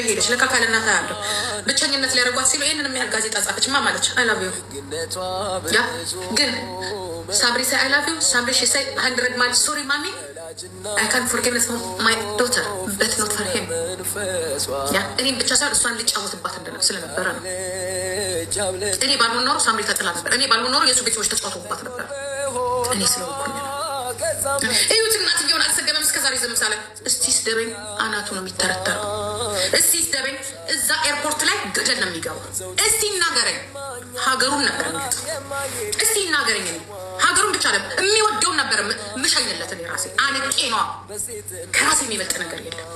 ኢትዮጵያ ሄደች ለካ ካለናት ያለው ብቸኝነት ሊያደርጓት ሲሉ ይህንን የሚያህል ጋዜጣ ጻፈች። ማ ማለች። አይላቪዩ ግን ሳብሪ ሳይ አይላቪው ሳምሪ ሳይ ሀንድረድ ማል ሶሪ ማሚ አይካን ፎርጌቭነስ ማይ ዶተር በት ኖት ፈር ሄም እኔም ብቻ ሳይሆን እሷን ሊጫወትባት እንደነበር ስለነበረ ነው። እኔ ባልሆን ኖሮ ሳምሪ ተጥላ ነበር። እኔ ባልሆን ኖሮ የእሱ ቤተሰቦች ተጫወቱባት ነበር። እኔ ስለሆንኩኝ ነው። እዩት እናትየውን እስከ ዛሬ ዝም ሳለ እስቲ ስደበኝ አናቱ ነው የሚተረተረው። እስቲ ስደበኝ እዛ ኤርፖርት ላይ ገደል ነው የሚገባ። እስቲ እናገረኝ ሀገሩን ነበር የሚሉት። እስቲ እናገረኝ ሀገሩን ብቻ ለ የሚወደውን ነበር ምሸኝለትን የራሴ አነቄ ነዋ። ከራሴ የሚበልጥ ነገር የለም።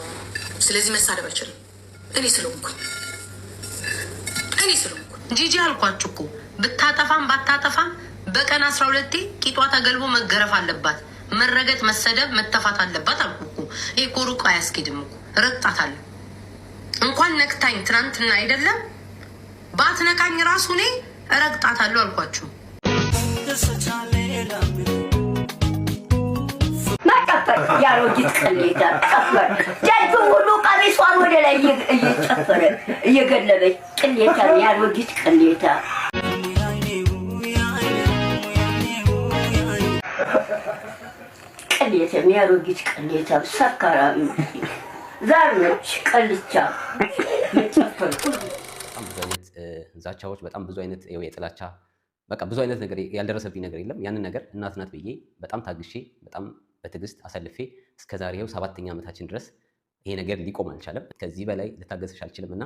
ስለዚህ መሳደብ አይችልም። እኔ ስለሆንኩኝ እኔ ስለሆንኩኝ ጂጂ አልኳችሁ እኮ ብታጠፋም ባታጠፋም በቀን አስራ ሁለቴ ቂጧ ተገልቦ መገረፍ አለባት። መረገጥ፣ መሰደብ፣ መተፋት አለባት አልኩ እኮ። ይህ እኮ ሩቅ አያስኬድም እኮ ረግጣታለሁ። እንኳን ነክታኝ ትናንትና አይደለም ባትነቃኝ ራሱ እኔ እረግጣታለሁ አልኳችሁ። ያሮጊት ቅሌታ ጨፈር ጃጅ ሁሉ ቀሚሷን ወደ ላይ እየጨፈረ እየገለበች ቅሌታ ያሮጊት ቅሌታ ቀሌት የአሮጊት ቀሌታ ሰካራም ዛር ነች፣ ቀልቻ ብዙ አይነት ዛቻዎች፣ በጣም ብዙ አይነት የጥላቻ በቃ ብዙ አይነት ነገር ያልደረሰብኝ ነገር የለም። ያንን ነገር እናት ናት ብዬ በጣም ታግሼ በጣም በትዕግስት አሳልፌ እስከ ዛሬው ሰባተኛ ዓመታችን ድረስ ይሄ ነገር ሊቆም አልቻለም። ከዚህ በላይ ልታገሰሽ አልችልም እና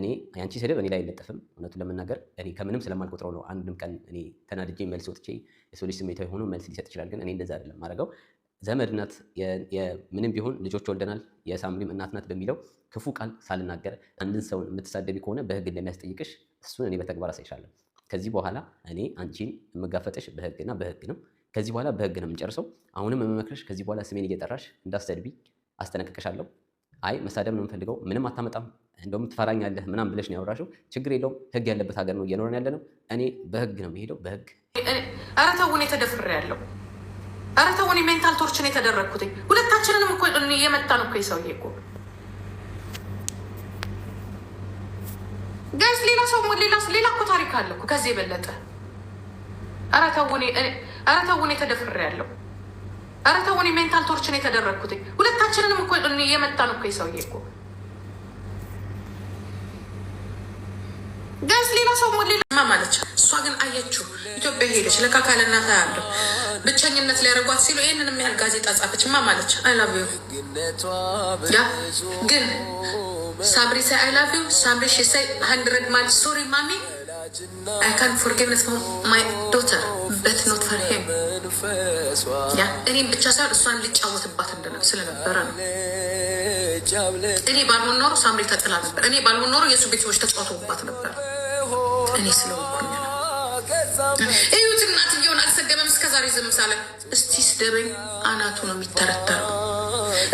እኔ ያንቺ ስድብ እኔ ላይ አይለጠፍም። እውነቱን ለመናገር እኔ ከምንም ስለማልቆጥረው ነው። አንድም ቀን እኔ ተናድጄ መልስ ወጥቼ የሰው ልጅ ስሜታዊ ሆኖ መልስ ሊሰጥ ይችላል፣ ግን እኔ እንደዛ አይደለም ማድረገው። ዘመድነት ምንም ቢሆን ልጆች ወልደናል፣ የሳምሪም እናትናት በሚለው ክፉ ቃል ሳልናገር አንድን ሰውን የምትሳደቢ ከሆነ በህግ እንደሚያስጠይቅሽ እሱን እኔ በተግባር አሳይሻለሁ። ከዚህ በኋላ እኔ አንቺን የምጋፈጥሽ በህግና በህግ ነው። ከዚህ በኋላ በህግ ነው የምንጨርሰው። አሁንም የምመክርሽ ከዚህ በኋላ ስሜን እየጠራሽ እንዳስተድቢ አስጠነቅቅሻለሁ። አይ መሳደብ ነው የምፈልገው፣ ምንም አታመጣም፣ እንደውም ትፈራኛለህ ምናም ብለሽ ነው ያወራሽው። ችግር የለውም ህግ ያለበት ሀገር ነው እየኖረን ያለ ነው። እኔ በህግ ነው የምሄደው። በህግ ኧረ ተውን ያለው ኧረ ተው፣ እኔ ሜንታል ቶርችን የተደረግኩትኝ ሁለታችንንም እኮ ነው እኮ የሰውዬ እኮ ጋይስ፣ ሌላ ሰው ሌላ እኮ ታሪክ አለ እኮ ከዚህ የበለጠ ኧረ ተው፣ እኔ ተደፍሬያለሁ። ኧረ ተው፣ እኔ ሜንታል ቶርችን የተደረግኩትኝ ሁለታችንንም እኮ ነው እኮ የሰውዬ እኮ ጋዝ ሌላ ሰው ሞ ሌላ ማለች። እሷ ግን አየችው፣ ኢትዮጵያ ሄደች። ለካ ካለናት ያለው ብቸኝነት ሊያደርጓት ሲሉ ይህንን የሚያህል ጋዜጣ ጻፈች። ማ ማለች አይላቪዩ ግን ሳምሪ ሳይ አይላቪዩ ሳምሪ ሺ ሳይ ሀንድረድ ማል ሶሪ ማሚ አይካን ፎርጌነት ማይ ዶተር በት ኖት ፈር ሄም እኔም ብቻ ሳይሆን እሷን ልጫወትባት እንደ ስለነበረ ነው። እኔ ባልሆን ኖሮ ሳምሪ ተጥላ ነበር። እኔ ባልሆን ኖሮ የእሱ ቤተሰቦች ተጫወቱባት ነበር። እኔ ስለሆንኩኝ ነው። እዩት፣ እናትየውን አልሰደበም እስከዛሬ ዝም ሳለ። እስቲ ስደበኝ፣ አናቱ ነው የሚተረተረው።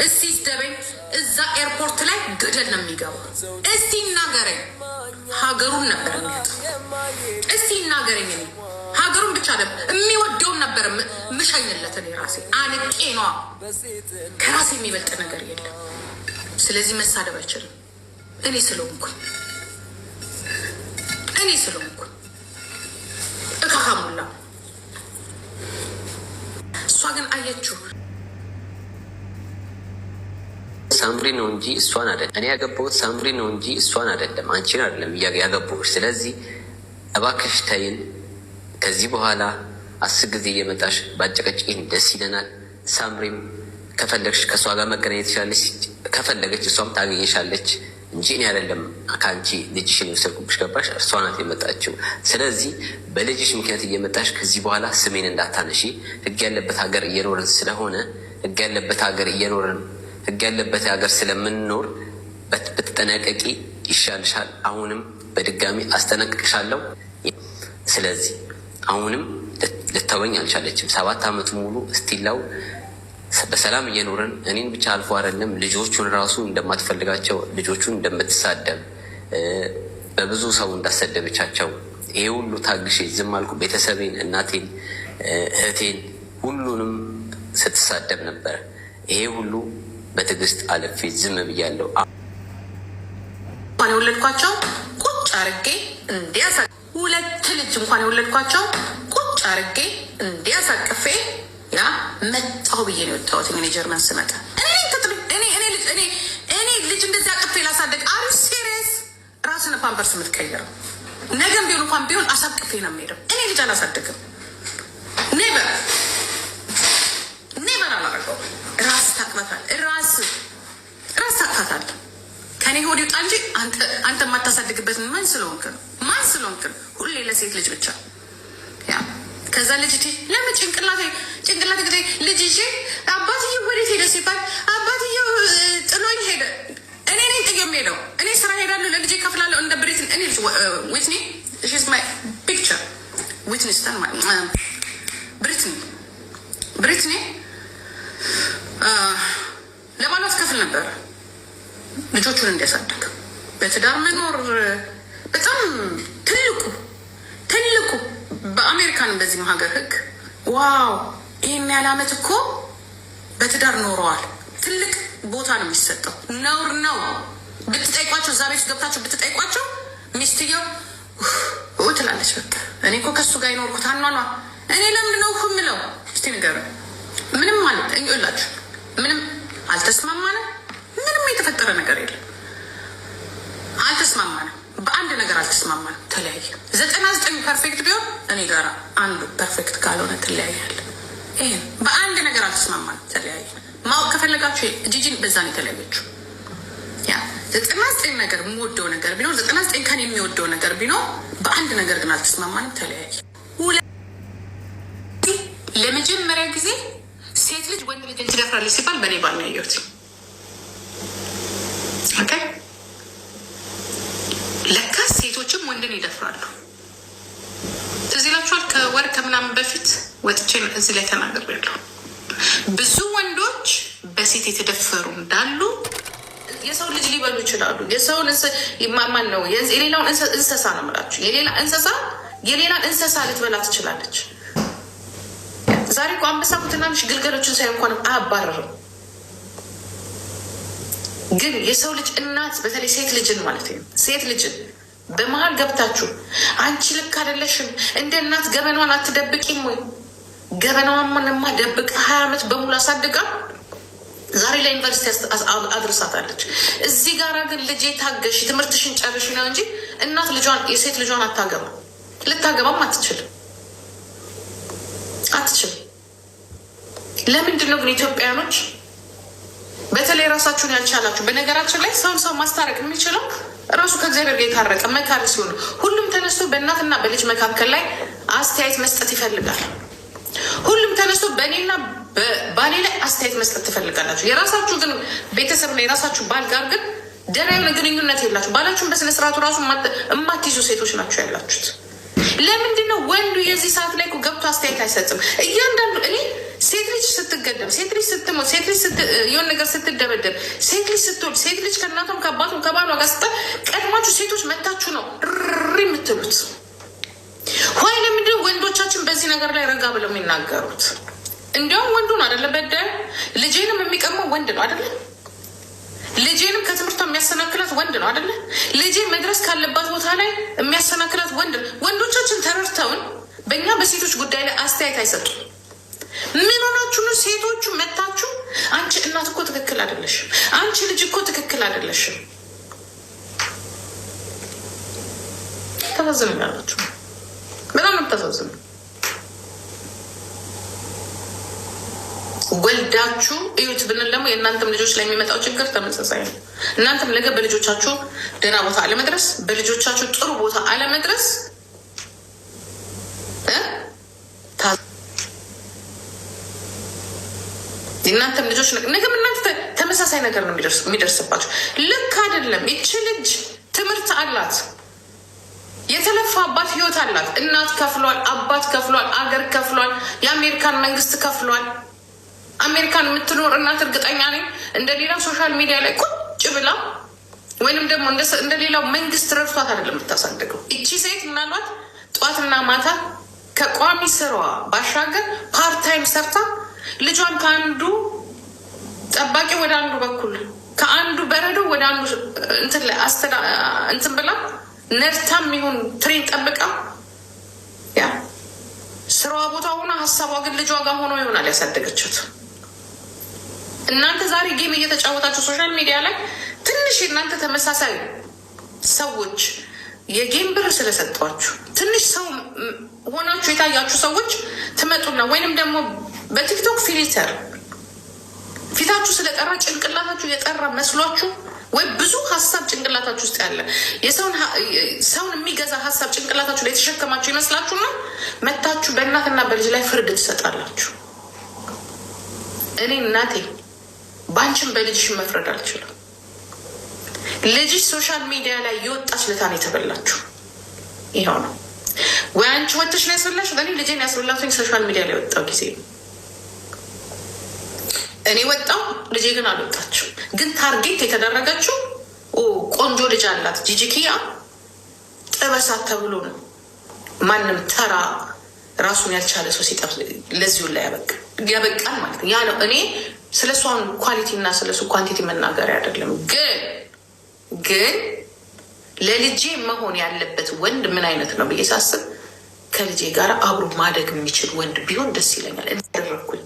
እስቲ ስደበኝ፣ እዛ ኤርፖርት ላይ ገደል ነው የሚገባው። እስቲ እናገረኝ፣ ሀገሩን ነበር የሚያጣ። እስቲ እናገረኝ እኔ ሀገሩን ብቻ ደ የሚወደውን ነበር ምሸኝለት። እኔ ራሴ አንቄ ነዋ። ከራሴ የሚበልጥ ነገር የለም። ስለዚህ መሳደብ አይችልም እኔ ስለሆንኩኝ እኔ ስለሆንኩ እካካሙላ እሷ ግን አየችው። ሳምሪ ነው እንጂ እሷን አይደለም። እኔ ያገባሁት ሳምሪ ነው እንጂ እሷን አይደለም፣ አንቺን አይደለም ያገባሁሽ። ስለዚህ እባክሽ ተይን። ከዚህ በኋላ አስር ጊዜ እየመጣሽ ባጨቀጭቅን ደስ ይለናል። ሳምሪም ከፈለግሽ ከእሷ ጋር መገናኘት ትችላለች። ከፈለገች እሷም ታገኘሻለች። እንጂ እኔ አይደለም ከአንቺ ልጅሽን የወሰድኩብሽ። ገባሽ? እርሷ ናት የመጣችው። ስለዚህ በልጅሽ ምክንያት እየመጣሽ ከዚህ በኋላ ስሜን እንዳታነሺ። ህግ ያለበት ሀገር እየኖርን ስለሆነ ህግ ያለበት ሀገር እየኖርን ህግ ያለበት ሀገር ስለምንኖር ብትጠነቀቂ ይሻልሻል። አሁንም በድጋሚ አስጠነቅቅሻለሁ። ስለዚህ አሁንም ልተወኝ አልቻለችም። ሰባት አመቱ ሙሉ እስቲላው በሰላም እየኖርን እኔን ብቻ አልፎ አይደለም ልጆቹን ራሱ እንደማትፈልጋቸው ልጆቹን እንደምትሳደብ በብዙ ሰው እንዳሰደበቻቸው ይሄ ሁሉ ታግሼ ዝም አልኩ። ቤተሰቤን፣ እናቴን፣ እህቴን ሁሉንም ስትሳደብ ነበር። ይሄ ሁሉ በትዕግስት አለፌ ዝም ብያለሁ። እንኳን የወለድኳቸው ቁጭ አርጌ እንዲያሳ ሁለት ልጅ እንኳን የወለድኳቸው ቁጭ አርጌ እንዲያሳቅፌ ያ መጣሁ ብዬ ነው የወጣሁት። እኔ ጀርመን ስመጣ እኔ ልጅ እንደዚያ አቅፌ ላሳደግ አሪ ሴሪየስ ራስን ፓምፐርስ የምትቀይረው ነገም ቢሆን እንኳን ቢሆን አሳቅፌ ነው የምሄደው። እኔ ልጅ አላሳደግም። ኔቨር ኔቨር አላረገው። ራስ ታቅፋታል። ራስ ራስ ታቅፋታል። ከኔ ሆድ ይውጣ እንጂ አንተ የማታሳድግበት ማን ስለሆንክ ነው? ማን ስለሆንክ ነው? ሁሌ ለሴት ልጅ ብቻ ያ ከዛ ልጅ ለምን ጭንቅላቴ ጭንቅላት ጊዜ ልጅ ይዤ አባትዬ ወዴት ሄደ ሲባል አባትየው ጥሎኝ ሄደ። እኔ ነኝ ጥዬ የምሄደው። እኔ ስራ ሄዳለሁ፣ ለልጅ ከፍላለሁ። እንደ ብሬት እኔ ልጅ ዊትኒ ማይ ፒክቸር ዊትኒ ስተን ብሪትኒ ብሪትኒ ለባሏ ትከፍል ልጆቹን እንዲያሳድግ በትዳር መኖር በጣም ትልቁ ትልቁ በአሜሪካን በዚህም ሀገር ህግ ዋው ይህም ያህል ዓመት እኮ በትዳር ኖረዋል። ትልቅ ቦታ ነው የሚሰጠው። ነውር ነው ብትጠይቋቸው፣ እዛ ቤት ገብታቸው ብትጠይቋቸው ሚስትየው ትላለች። በቃ እኔ እኮ ከሱ ጋር ይኖርኩት አኗኗ እኔ ለምን ነው የምለው? እስኪ ንገር። ምንም ማለት እኝላችሁ ምንም አልተስማማንም። ምንም የተፈጠረ ነገር የለም። አልተስማማንም። በአንድ ነገር አልተስማማንም። ተለያየ። ዘጠና ዘጠኝ ፐርፌክት ቢሆን እኔ ጋራ አንዱ ፐርፌክት ካልሆነ ትለያያለ በአንድ ነገር አልተስማማል፣ ተለያየ። ማወቅ ከፈለጋችሁ ጂጂን በዛን የተለያየችው ዘጠና ዘጠኝ ነገር የምወደው ነገር ቢኖር ዘጠና ዘጠኝ ከን የሚወደው ነገር ቢኖር በአንድ ነገር ግን አልተስማማንም፣ ተለያየ። ለመጀመሪያ ጊዜ ሴት ልጅ ወንድ ልጅን ትደፍራለች ሲባል በእኔ ባል ነው ያየሁት። ሴቶችም ወንድን ይደፍራሉ። ትዝ ይላችኋል ከወር ከምናምን በፊት ወጥቼ እዚህ ላይ ተናግሬያለሁ። ብዙ ወንዶች በሴት የተደፈሩ እንዳሉ የሰው ልጅ ሊበሉ ይችላሉ። የሰውን ማማን ነው የሌላውን እንስሳ ነው የምላችሁ። የሌላ እንስሳ የሌላን እንስሳ ልትበላ ትችላለች። ዛሬ እኮ አንበሳ እኮ ትናንሽ ግልገሎችን ሳይ እንኳን አያባረርም። ግን የሰው ልጅ እናት በተለይ ሴት ልጅን ማለት ነው ሴት ልጅን በመሀል ገብታችሁ አንቺ ልክ አይደለሽም፣ እንደ እናት ገበኗን አትደብቂም ወይ ገበናዋንማ ደብቃ ሀያ ዓመት በሙሉ አሳድጋ ዛሬ ላይ ዩኒቨርሲቲ አድርሳታለች። እዚህ ጋር ግን ልጄ ታገሽ ትምህርትሽን ጨርሽ ነው እንጂ እናት ልጇን የሴት ልጇን አታገባ ልታገባም አትችልም አትችልም። ለምንድን ነው ግን ኢትዮጵያኖች በተለይ ራሳችሁን ያልቻላችሁ? በነገራችን ላይ ሰውን ሰው ማስታረቅ የሚችለው ራሱ ከእግዚአብሔር ጋር የታረቀ መካሪ ሲሆን፣ ሁሉም ተነስቶ በእናትና በልጅ መካከል ላይ አስተያየት መስጠት ይፈልጋል። ተነስተው በእኔና ባሌ ላይ አስተያየት መስጠት ትፈልጋላችሁ። የራሳችሁ ግን ቤተሰብና የራሳችሁ ባል ጋር ግን ደህና የሆነ ግንኙነት የላችሁ። ባላችሁን በስነ ራሱ እማትይዙ ሴቶች ናቸው ያላችሁት። ለምንድን ነው ወንዱ የዚህ ሰዓት ላይ ገብቶ አስተያየት አይሰጥም? እያንዳንዱ እኔ ሴት ልጅ ስትገደም፣ ሴት ልጅ ስትሞት፣ ሴት ልጅ የሆነ ነገር ስትደበደብ፣ ሴት ልጅ ስትወልድ፣ ሴት ልጅ ከእናቷም ከአባቱም ከባሏ ጋር ስታ ቀድማችሁ ሴቶች መታችሁ ነው ሪ የምትሉት ሆይ። ለምንድን ወንዶቻችን በዚህ ነገር ላይ ረጋ ብለው የሚናገሩት? እንዲያውም ወንዱ ነው አደለ? በዳይ ልጄንም የሚቀማው ወንድ ነው አደለ? ልጄንም ከትምህርቷ የሚያሰናክላት ወንድ ነው አደለ? ልጄን መድረስ ካለባት ቦታ ላይ የሚያሰናክላት ወንድ ነው። ወንዶቻችን ተረድተውን በእኛ በሴቶች ጉዳይ ላይ አስተያየት አይሰጡም። ምን ሆናችሁ ነው ሴቶቹ መታችሁ? አንቺ እናት እኮ ትክክል አደለሽም፣ አንቺ ልጅ እኮ ትክክል አደለሽም። ተዛዝም ያላችሁ በጣም ተዛዝም ወልዳችሁ እዩት ብንል ደግሞ የእናንተም ልጆች ላይ የሚመጣው ችግር ተመሳሳይ ነው። እናንተም ነገ በልጆቻችሁ ደህና ቦታ አለመድረስ፣ በልጆቻችሁ ጥሩ ቦታ አለመድረስ የእናንተም ልጆች ነገ እናንተ ተመሳሳይ ነገር ነው የሚደርስባቸው። ልክ አይደለም። ይቺ ልጅ ትምህርት አላት፣ የተለፋ አባት ህይወት አላት። እናት ከፍሏል፣ አባት ከፍሏል፣ አገር ከፍሏል፣ የአሜሪካን መንግስት ከፍሏል። አሜሪካን የምትኖር እናት እርግጠኛ ነኝ እንደሌላ ሶሻል ሚዲያ ላይ ቁጭ ብላ ወይንም ደግሞ እንደሌላው መንግስት ረድቷት አይደለም የምታሳድገው። እቺ ሴት ምናልባት ጠዋትና ማታ ከቋሚ ስራዋ ባሻገር ፓርታይም ሰርታ ልጇን ከአንዱ ጠባቂ ወደ አንዱ በኩል ከአንዱ በረዶ ወደ አንዱ እንትን ብላ ነርታም የሚሆን ትሬን ጠብቃ ስራዋ ቦታ ሆና ሀሳቧ ግን ልጇ ጋር ሆኖ ይሆናል ያሳደገችት። እናንተ ዛሬ ጌም እየተጫወታችሁ ሶሻል ሚዲያ ላይ ትንሽ እናንተ ተመሳሳይ ሰዎች የጌም ብር ስለሰጧችሁ ትንሽ ሰው ሆናችሁ የታያችሁ ሰዎች ትመጡና ወይንም ደግሞ በቲክቶክ ፊልተር ፊታችሁ ስለጠራ ጭንቅላታችሁ የጠራ መስሏችሁ ወይ ብዙ ሀሳብ ጭንቅላታችሁ ውስጥ ያለ ሰውን የሚገዛ ሀሳብ ጭንቅላታችሁ ላይ የተሸከማችሁ ይመስላችሁና መታችሁ በእናትና በልጅ ላይ ፍርድ ትሰጣላችሁ። እኔ እናቴ በአንቺም በልጅሽ መፍረድ አልችልም። ልጅሽ ሶሻል ሚዲያ ላይ የወጣች ለታን የተበላችሁ ይኸው ነው ወይ አንቺ ወጥሽ ነው ያስበላሽ። እኔ ልጄን ያስበላቱኝ ሶሻል ሚዲያ ላይ ወጣው ጊዜ ነው። እኔ ወጣው፣ ልጄ ግን አልወጣችው። ግን ታርጌት የተደረገችው ቆንጆ ልጅ አላት ጂጂኪያ ጥበሳት ተብሎ ነው ማንም ተራ ራሱን ያልቻለ ሰው ሲጠፍ ለዚሁ ላይ ያበቃል ማለት ያ ነው። እኔ ስለ እሷን ኳሊቲ እና ስለ እሱ ኳንቲቲ መናገር አይደለም፣ ግን ግን ለልጄ መሆን ያለበት ወንድ ምን አይነት ነው ብዬ ሳስብ ከልጄ ጋር አብሮ ማደግ የሚችል ወንድ ቢሆን ደስ ይለኛል። እንደረኩኝ